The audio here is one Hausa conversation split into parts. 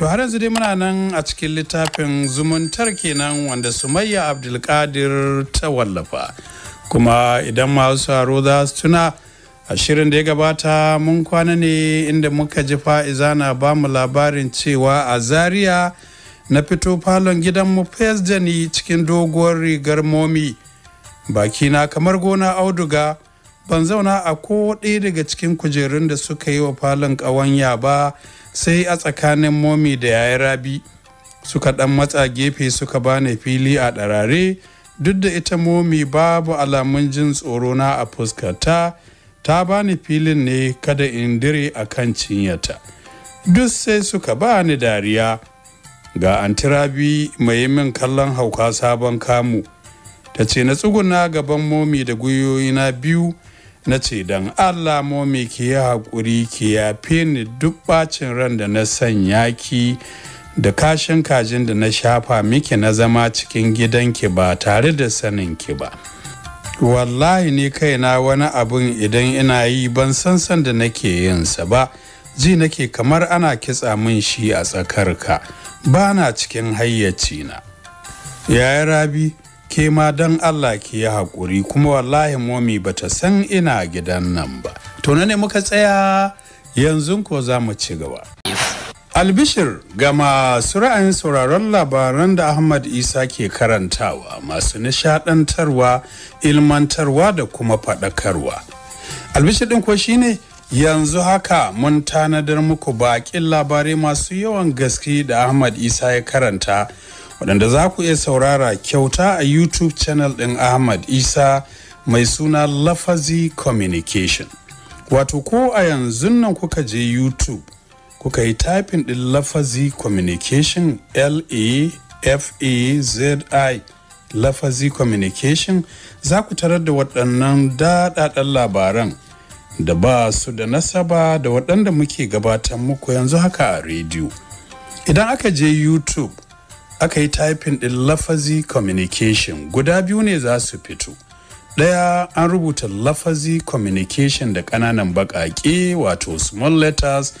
To har yanzu dai muna nan a cikin littafin zumuntar kenan wanda Sumayya Abdulkadir ta wallafa. Kuma idan masu haro za su tuna a shirin da ya gabata mun kwana ne inda muka ji fa'iza na ba mu labarin cewa a Zaria na fito falon gidan gidanmu Fesdani cikin doguwar rigar momi. na kamar gona auduga ban zauna a ko ɗaya daga cikin kujerun da suka yi wa falon ƙawanya ba. sai a tsakanin momi da yayi rabi suka ɗan matsa gefe suka bani fili a ɗarare duk da ita momi babu alamun jin tsoro na a fuskata ta bani filin ne kada in dire a kan cinyata duk sai suka bani dariya ga antirabi mai min kallon hauka sabon kamu ta ce na tsuguna gaban momi da gwiwoyi na biyu na ce don allah momi ki yi haƙuri ki yafe ni duk bacin ran da na sanya ki da kashin kajin da na shafa miki na zama cikin gidanki ba tare da sanin ki ba wallahi ni kaina wani abun idan ina yi ban san san da nake yinsa ba ji nake kamar ana kitsa min shi a tsakarka ba na cikin hayyacina. na yaya rabi ke ma don Allah ke yi haƙuri kuma wallahi momi ba ta san ina gidan nan ba to ne muka tsaya yanzu ko za mu ci gaba albishir ga masu ra'ayin sauraron labaran da ahmad isa ke karantawa masu nishadantarwa ilmantarwa da kuma faɗakarwa albishir ɗin ko shi ne yanzu haka mun tanadar muku baƙin labarai masu yawan gaske da ahmad isa ya karanta waɗanda za ku iya saurara kyauta a youtube channel ɗin ahmad isa mai suna lafazi communication wato ko a yanzu nan kuka je youtube kuka yi typing ɗin lafazi communication l-a-f-a-z-i lafazi communication za ku tarar da waɗannan daɗaɗɗen labaran da ba su da nasaba da waɗanda muke gabatar muku yanzu haka a rediyo idan aka je youtube aka yi typing ɗin lafazi communication guda biyu ne za su fito ɗaya an rubuta lafazi communication da ƙananan baƙaƙe wato small letters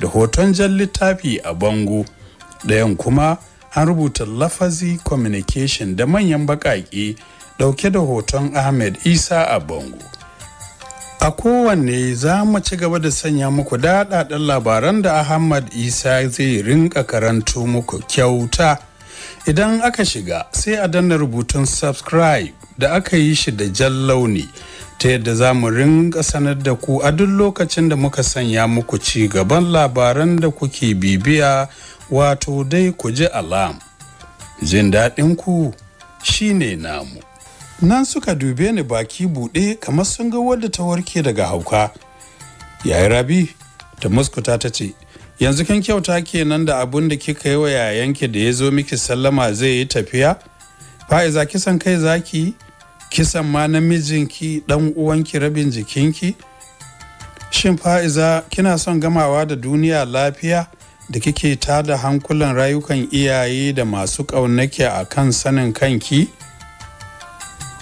da hoton jan littafi a bango ɗayan kuma an rubuta lafazi communication da manyan baƙaƙe ɗauke da hoton ahmed isa a bango a kowanne za mu ci gaba da sanya muku daɗaɗen labaran da ahmad isa zai rinka karanto muku kyauta idan aka shiga sai a danna rubutun subscribe da aka yi shi da jan launi ta yadda za mu ringa sanar da ku a duk lokacin da muka sanya muku ci gaban labaran da kuke bibiya wato dai ku ji alam jin daɗin ku shine namu nan suka dube ni baki buɗe kamar sun ga wadda ta warke daga hauka yayi rabi ta muskuta ta ce yanzu kan kyauta kenan da abun da kika yi wa yayanki da ya zo miki sallama zai yi tafiya fa'iza kisan kai zaki kisan ma namijinki dan uwanki rabin jikinki shin fa'iza kina son gamawa da duniya lafiya da kike tada hankulan rayukan iyaye da masu ƙaunake a kan sanin kanki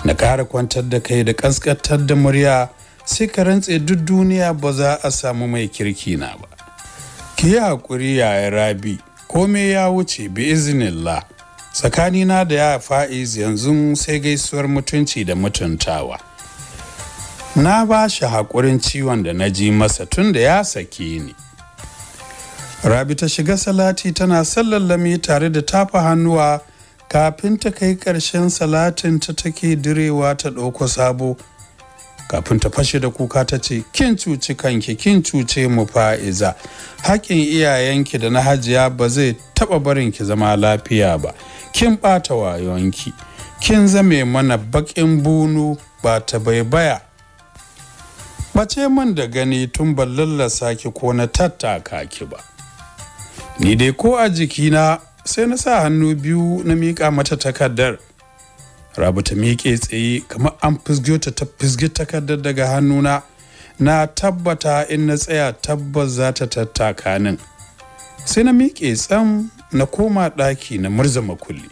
na ƙara kwantar da kai da ƙasƙantar da murya sai ka rantse duk duniya ba za a samu mai kirki na ba ki yi haƙuri yaya rabi kome ya wuce bi Izinillah. tsakanina da ya fa'iz yanzu sai gaisuwar mutunci da mutuntawa na ba shi haƙurin ciwon da na ji masa tun da ya saki ni rabi ta shiga salati tana sallallami tare da tafa hannuwa kafin ta kai ƙarshen salatin ta take direwa ta ɗauko sabo kafin ta fashe da kuka ta ce kin cuci kanki kin cuce mu fa'iza haƙin iyayenki da na hajiya ba zai taɓa barin ki zama lafiya ba kin ɓata wayonki kin zame mana baƙin bunu ba ta bai baibaya bace man da gani tun ban lallasa ki ko na tattaka ki ba ni dai ko a jikina sai na sa hannu biyu na miƙa mata takardar rabu ta miƙe tsaye kamar an fisge ta fizgi takardar daga hannuna na tabbata in na tsaya tabbas za ta tattaka nan sai na miƙe tsam na koma ɗaki na murza makulli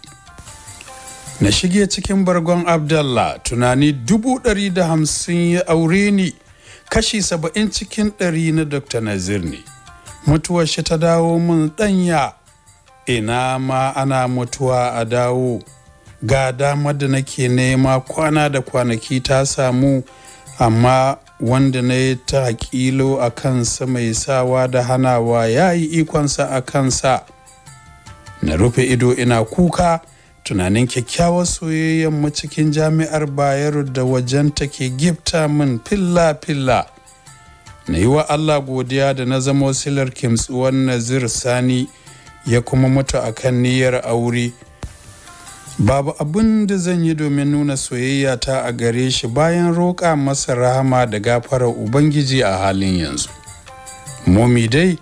na shige cikin bargon abdallah tunani dubu ɗari da hamsin ya aure ni kashi saba'in cikin ɗari na dr nazir ne mutuwar shi ta dawo mun ɗanya ina ma ana mutuwa a dawo ga damar da nake nema kwana da kwanaki ta samu amma wanda na yi ta kilo a kansa mai sawa da hanawa ya yi ikonsa a kansa na rufe ido ina kuka tunanin kyakkyawar soyayyen mu cikin jami'ar bayero da wajen take gifta min filla-filla na yi wa allah godiya da na zama silar kimtsuwan nazir sani ya kuma mutu akan niyyar aure babu abin da zan yi domin nuna soyayya ta a gare shi bayan roƙa masa rahama da gafarar ubangiji a halin yanzu momi dai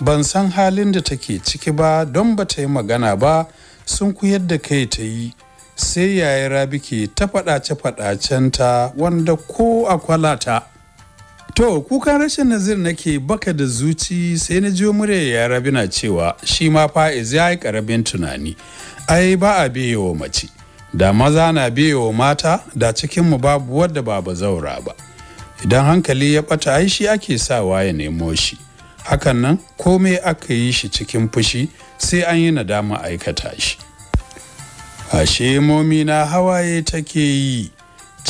ban san halin da take ciki ba don ba ta yi magana ba sun ku da kai ta yi sai yayi rabi ke ta faɗace ta wanda ko a kwalata To, kukan rashin nazir nake baka da zuci sai na jiyo murya ya rabi na cewa shi ma fa'iz ya yi karabin tunani, ai ba a wa mace, da maza na wa mata da cikinmu babu wadda ba ba zaura ba. Idan hankali ya ɓata ai ake sawa ya nemo shi. Hakan nan komai aka yi shi cikin fushi sai an yi nadama aikata shi. Ashe momi na hawaye take yi.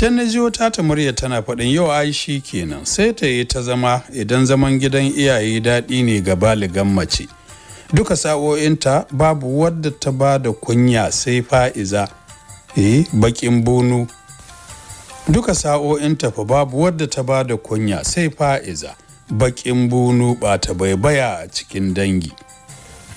can na ji wata ta murya tana faɗin yau ai shi kenan sai ta yi ta zama idan zaman gidan iyaye daɗi ne ga baligan mace duka sa'o'inta babu wadda ta ba da kunya sai fa'iza eh bakin bunu duka sa'o'inta fa babu wadda ta ba da kunya sai fa'iza bakin bunu ba ta baibaya a cikin dangi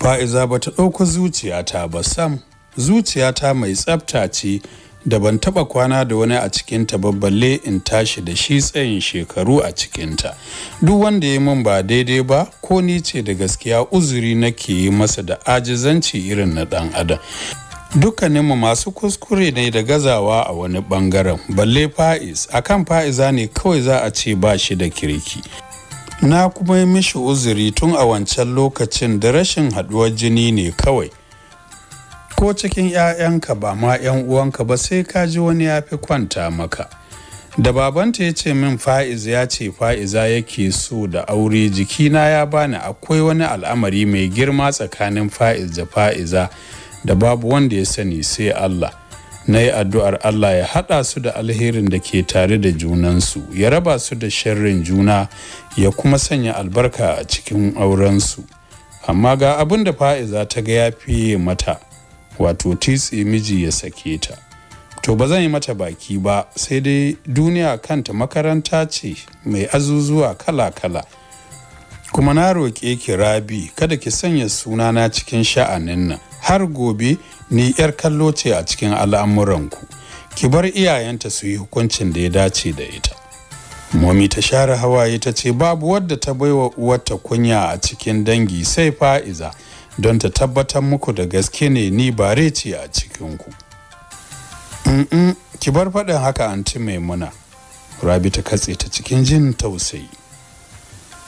fa'iza ba ta ɗauka zuciyata ba sam zuciyata mai tsafta ce da ban taba kwana da wani a cikinta ba balle in tashi da shi tsayin shekaru a cikinta duk wanda ya min ba daidai ba ko ni ce da gaskiya uzuri nake yi masa da ajizanci irin na dan adam dukkaninmu masu kuskure ne da gazawa a wani bangaren balle fa'is akan fa'iza ne kawai za a ce ba shi da kirki na kuma yi mishi uzuri tun a wancan lokacin da rashin haduwar jini ne kawai ko cikin 'ya'yanka ba ma 'yan uwanka ba sai ka ji wani ya fi kwanta maka da babanta ya ce min fa'iz ya ce fa'iza yake so da aure jikina ya bani akwai wani al'amari mai girma tsakanin fa'iz da fa'iza da babu wanda ya sani sai Allah na yi addu'ar Allah ya haɗa su da alherin da ke tare da junansu ya raba su da sharrin juna ya kuma sanya albarka a cikin aurensu amma ga abin da fa'iza ta ga ya fiye mata wato titsi miji ya sake ta to ba zan yi mata baki ba sai dai duniya kanta makaranta ce mai azuzuwa kala-kala kuma na roƙe ki rabi kada ki sanya sunana cikin sha'anin nan har gobe ni yar kallo ce a cikin al'amuranku ki bar iyayenta su yi hukuncin da ya dace da ita momi ta share hawaye ta ce babu wadda ta baiwa uwarta kunya a cikin dangi sai fa'iza don ta tabbatar muku da gaske ne ni bare ce a cikinku mm, -mm ki bar faɗin haka anti maimuna rabi ta katse ta cikin jin tausayi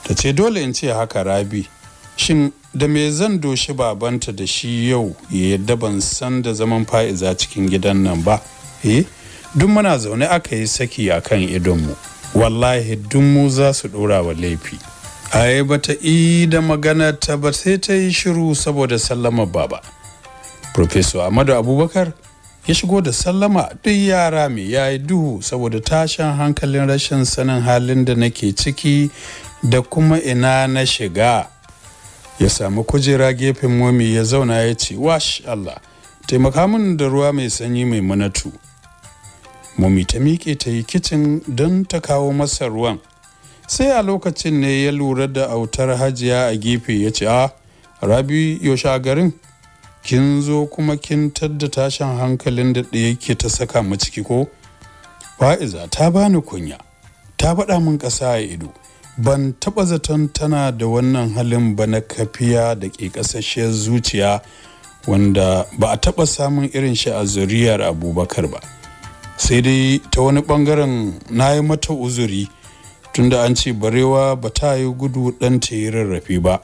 ta ce dole in ce haka rabi shin da me zan doshi babanta da shi yau ya yadda ban san da zaman fa'iza cikin gidan nan ba eh duk muna zaune aka yi saki kan idonmu wallahi duk mu za su ɗora wa laifi ai bata yi da magana ta ba sai ta yi shiru saboda sallama baba professor amadu abubakar ya shigo da sallama duk yara mai ya yi duhu saboda tashin hankalin rashin sanin halin da nake ciki da kuma ina na shiga ya sami kujera gefen momi ya zauna ya ce wash allah taimaka min da ruwa mai sanyi mai manatu momi ta miƙe ta yi kicin don ta kawo masa ruwan sai a lokacin ne ya lura da autar hajiya a gefe ya ce a rabi yaushe garin kin zo kuma kin tadda tashin hankalin da ɗaya ke ta saka mu ciki ko fa'iza ta bani kunya ta faɗa min ƙasa a ido ban taɓa zaton tana da wannan halin ba na kafiya da ke ƙasasshiyar zuciya wanda ba a taɓa samun irin shi a zuriyar abubakar ba sai dai ta wani ɓangaren na yi mata uzuri tunda an ce barewa ba ta yi gudu ɗan ta yi rarrafe ba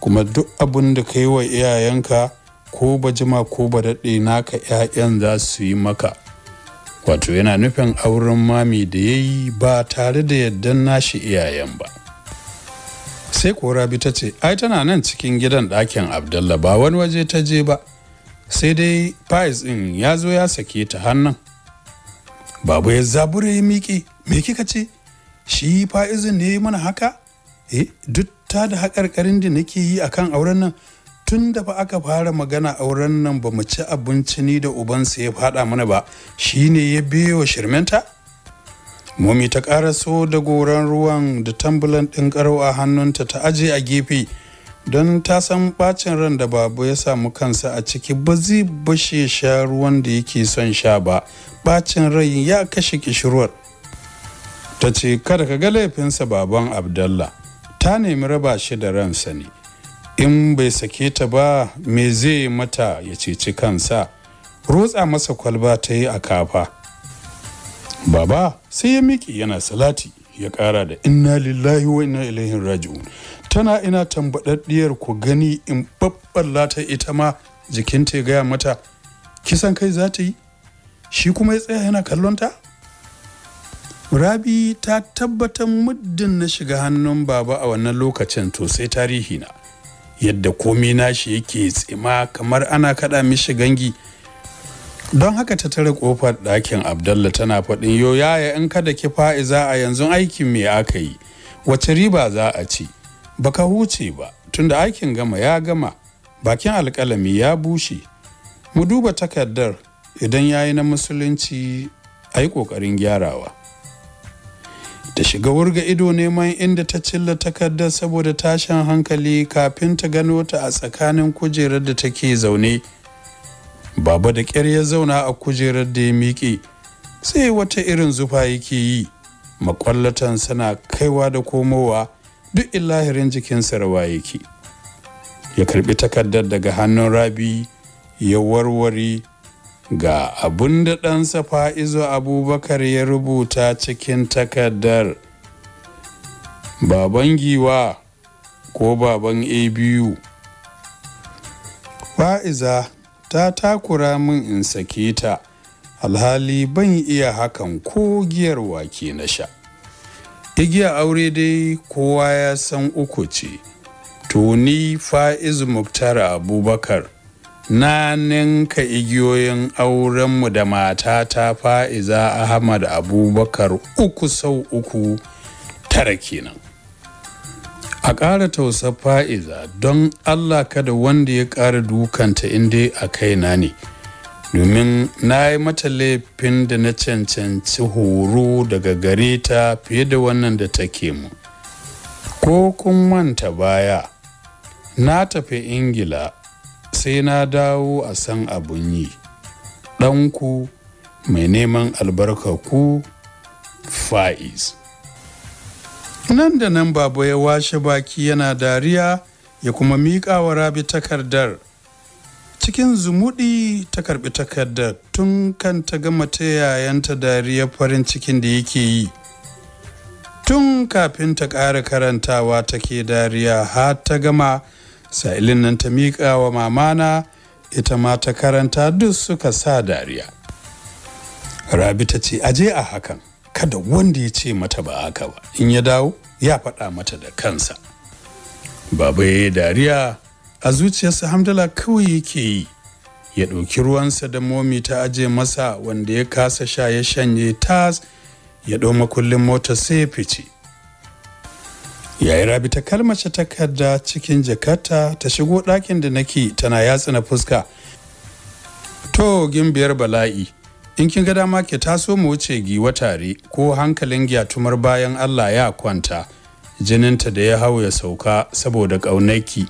kuma duk abin da ka yi wa iyayenka ko ba jima ko ba daɗe naka 'ya'yan za su yi maka wato yana nufin auren mami da ya yi ba tare da yadda nashi iyayen ba sai rabi ta ce ai tana nan cikin gidan ɗakin abdallah ba wani waje ta je ba sai dai pais ɗin ya zo ya sake ta hannun babu ya zabura ya miƙe me kika ce shi fa'izin ne mana haka eh duk ta da haƙarƙarin da nake yi a kan auren nan tun da ba aka fara magana auren nan ba mu ci abinci ni da ubansa ya faɗa mana ba shi ne ya biyo shirmenta momi ta so da goran ruwan da tambulan ɗin a hannunta ta aje a gefe don ta san ɓacin ran da babu ya samu kansa a ciki ba zai bashe sha ruwan da yake son sha ba ɓacin rai ya kashe kishirwar ta ce kada ka ga laifinsa baban abdallah ta nemi raba shi da ransa ne in bai sake ta ba me zai mata ya ceci kansa rotsa masa kwalba ta yi a kafa baba sai ya miki yana salati ya kara da inna lillahi wa inna ilaihin raju tana ina tambadaddiyar ku gani in babballa ta ita ma jikinta ya gaya mata kisan kai za ta yi shi kuma ya tsaya yana kallonta? ta rabi ta tabbatar muddin na shiga hannun baba a wannan lokacin to sai tarihi na yadda komai nashi yake tsima kamar ana kaɗa mishi gangi don haka ta tare kofar ɗakin Abdullahi tana faɗin yo yaya in kada ki fa'iza a yanzu aikin me aka yi wace riba za a ci baka huce ba tunda aikin gama ya gama bakin alƙalami ya bushe mu duba takardar idan yayi na musulunci ayi yi ƙoƙarin gyarawa ta shiga wurga ido neman inda ta cilla takardar saboda tashin hankali kafin ta gano ta a tsakanin kujerar da take zaune baba da ƙyar ya zauna a kujerar da ya miƙe sai wata irin zufa yake yi makwallatan suna kaiwa da komowa duk illahirin jikin sarawa yake ya karbi takardar daga hannun rabi ya warware ga abun da ɗansa fa'izo abubakar ya rubuta cikin takardar baban giwa ko baban abu fa'iza ta takura min in sake ta alhali ban iya hakan ko giyar wake na sha igiya aure dai kowa ya san uku ce to ni fa'iz muktar abubakar na ninka igiyoyin aurenmu da matata fa'iza ahmad abubakar uku sau uku tara kenan a ƙara tausa fa'iza don allah kada wanda ya ƙara dukanta inda a kaina ne domin na yi mata laifin da na cancanci horo daga gare ta fiye da wannan da take mu ko kun manta baya na tafi ingila sai na dawo a san abun yi ɗanku mai neman albarka ku fa'iz nan da nan babu ya washe baki yana dariya ya kuma miƙa wa rabi takardar cikin zumuɗi ta karɓi takardar tun kan ta gama ta yayanta dariyar farin cikin da yake yi tun kafin ta ƙara karantawa take dariya har ta gama sa'ilin nan ta miƙa wa mamana ita ma ta karanta duk suka sa dariya rabi ta ce aje a hakan kada wanda ya ce mata ba haka ba in ya dawo ya faɗa mata da kansa baba ya yi dariya a zuciyarsa hamdala kawai yake yi ya ɗauki ruwansa da momi ta aje masa wanda ya kasa sha ya shanye tas ya ɗau makullin mota sai ya fice yayi rabi ta kalmace takarda cikin jakarta ta shigo ɗakin da nake tana yatsa na fuska to gimbiyar bala'i in kin ga dama ke taso mu wuce giwa tare ko hankalin gyatumar bayan allah ya kwanta jininta da ya hau ya sauka saboda ƙaunaki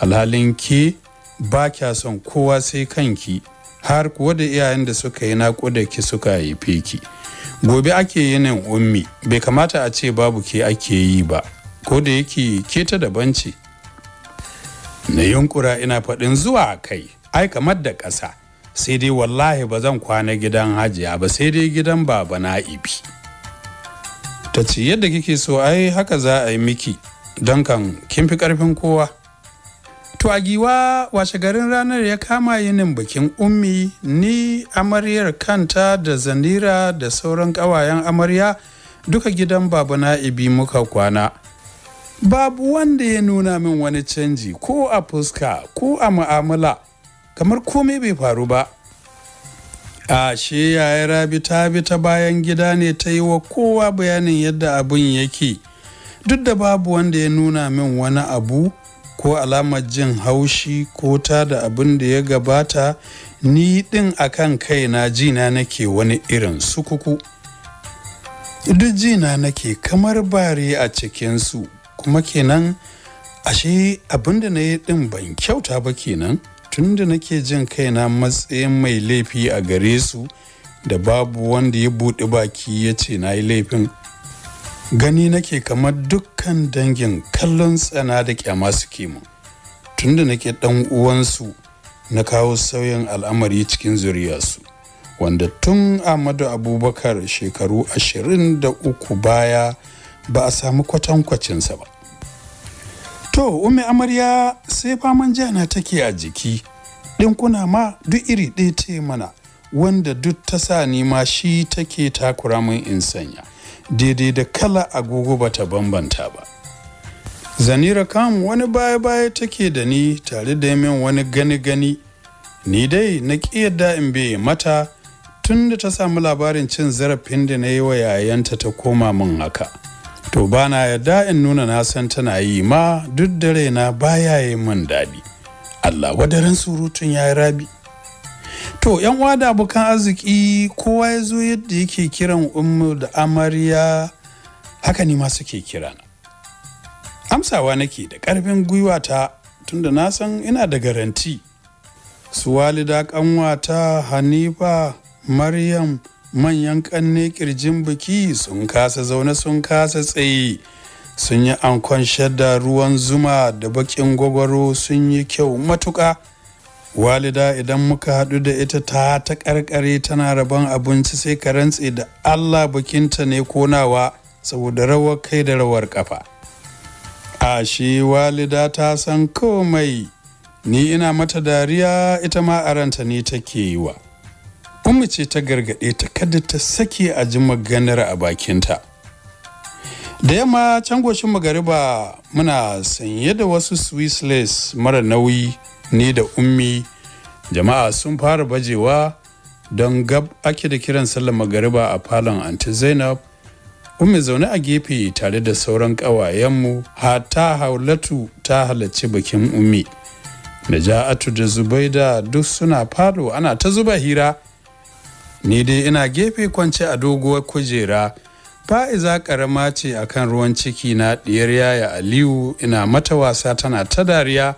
alhalin ki ba kya son kowa sai kanki har kuwa da iyayen da suka yi naƙuda ki suka haife ki gobe ake yinin ummi bai kamata a ce babu ke ake yi ba ko da yake ke ta daban ce na yunkura ina faɗin zuwa kai ai kamar da ƙasa sai dai wallahi ba zan kwana gidan hajiya ba sai dai gidan baba na'ibi ta ce yadda kike so ai haka za a yi miki don kan kin fi ƙarfin kowa to a giwa washe garin ranar ya kama yinin bikin ummi ni amaryar kanta da zanira da sauran ƙawayen amarya duka gidan baba na'ibi muka kwana babu wanda ya nuna min wani canji ko a fuska ko a mu'amala kamar komai bai faru ba ashe yaya rabi ta bi ta bayan gida ne ta yi wa kowa bayanin yadda abin yake duk da babu wanda ya nuna min wani abu ko alamar jin haushi ko ta da abin da ya gabata ni din akan kaina jina nake wani irin sukuku duk jina nake kamar bare a cikinsu kuma kenan ashe abinda na yi din ban kyauta ba kenan tunda nake jin kaina matsayin mai laifi a gare su da babu wanda ya buɗe baki ya ce na yi laifin gani nake kamar dukkan dangin kallon tsana da kyama suke mu tunda nake dan uwansu na kawo sauyin al'amari cikin zuriyarsu wanda tun Amadu Abubakar shekaru 23 baya ba a samu kwatankwacinsa ba To, ume amarya sai faman jana take a jiki, ɗin kuna ma duk iri ɗaya ce mana, wanda duk ta sa ni ma shi take takura min in sanya, daidai da kala agogo ba ta bambanta ba. Zanira kam wani baya-baya take da ni tare da min wani gani-gani, ni dai na da in be mata tun da ta samu labarin cin zarafin da na yi wa yayanta ta koma min haka. to bana na yarda in nuna na san tana yi ma duk da raina baya yi min daɗi allah wadarin surutun ya yi rabi to yan uwa da abokan arziki kowa ya zo yadda yake kiran ummu da amarya haka ni ma suke kirana amsawa nake da ƙarfin gwiwa ta tunda na san ina da garanti su walida ƙanwata hanifa maryam manyan kanne kirjin biki sun kasa zaune sun kasa tsaye sun yi ankon shadda ruwan zuma da bakin gwagwaro sun yi kyau matuƙa walida idan muka haɗu da ita ta ta ƙarƙare tana rabon abinci sai ka rantse da allah bakinta ne konawa saboda rawar kai da rawar kafa shi walida ta san komai ni ina mata dariya ita ma aranta ne take yi wa kuma ce ta gargaɗe ta kada ta sake a ji maganar a bakinta da yamma can goshin magariba muna sanye da wasu swissless mara nauyi ne da ummi jama'a sun fara bajewa don gab ake da kiran sallar magariba a falon anti zainab ummi zaune a gefe tare da sauran ƙawayenmu ta haulatu ta halarci bikin ummi naja'atu da zubaida duk suna falo ana ta zuba hira ni dai ina gefe kwance a doguwar kujera fa'iza ƙarama ce akan ruwan ciki na ɗiyar yaya aliyu ina mata wasa tana ta dariya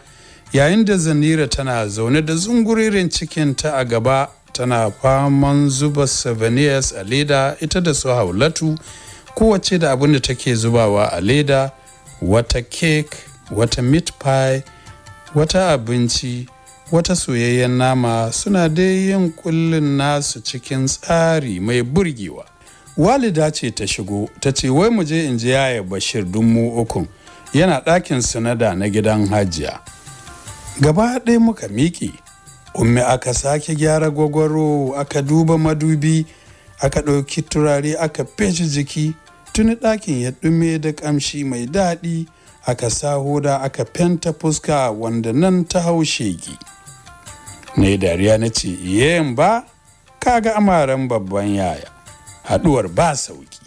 yayin da zanira tana zaune da zunguririn ta a gaba tana faman zuba souvenirs a leda ita da su haulatu kowace da abin da take zubawa a leda wata cake wata meat pie wata abinci wata soyayyen nama suna dai yin kullun nasu cikin tsari mai burgewa walida ce ta shigo ta ce wai mu je in ji yaya bashir dummu ukun yana ɗakin sinada na gidan hajiya gaba ɗaya muka miƙe ummi aka sake gyara gwagwaro aka duba madubi aka ɗauki turare aka feshi jiki tuni ɗakin ya ɗume da ƙamshi mai daɗi aka sa hoda aka fenta fuska wanda nan ta haushe gi. Na yi dariya na ce yayin ba ga amaren babban yaya haduwar ba sauki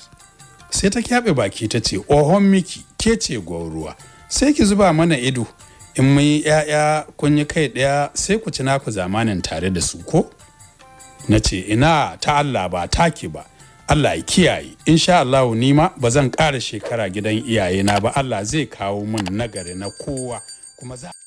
sai ta kyaɓe baki ta ce ohon miki ke ce gwauruwa sai ki zuba mana ido in mun ‘ya'ya kun yi kai ɗaya sai ku ci naku zamanin tare da su ko na ce ina ta Allah ba ta ki ba Allah ya kiyaye insha Allah ni ma ba zan ƙara shekara gidan iyayena ba Allah zai kawo mun nagari na kowa kuma za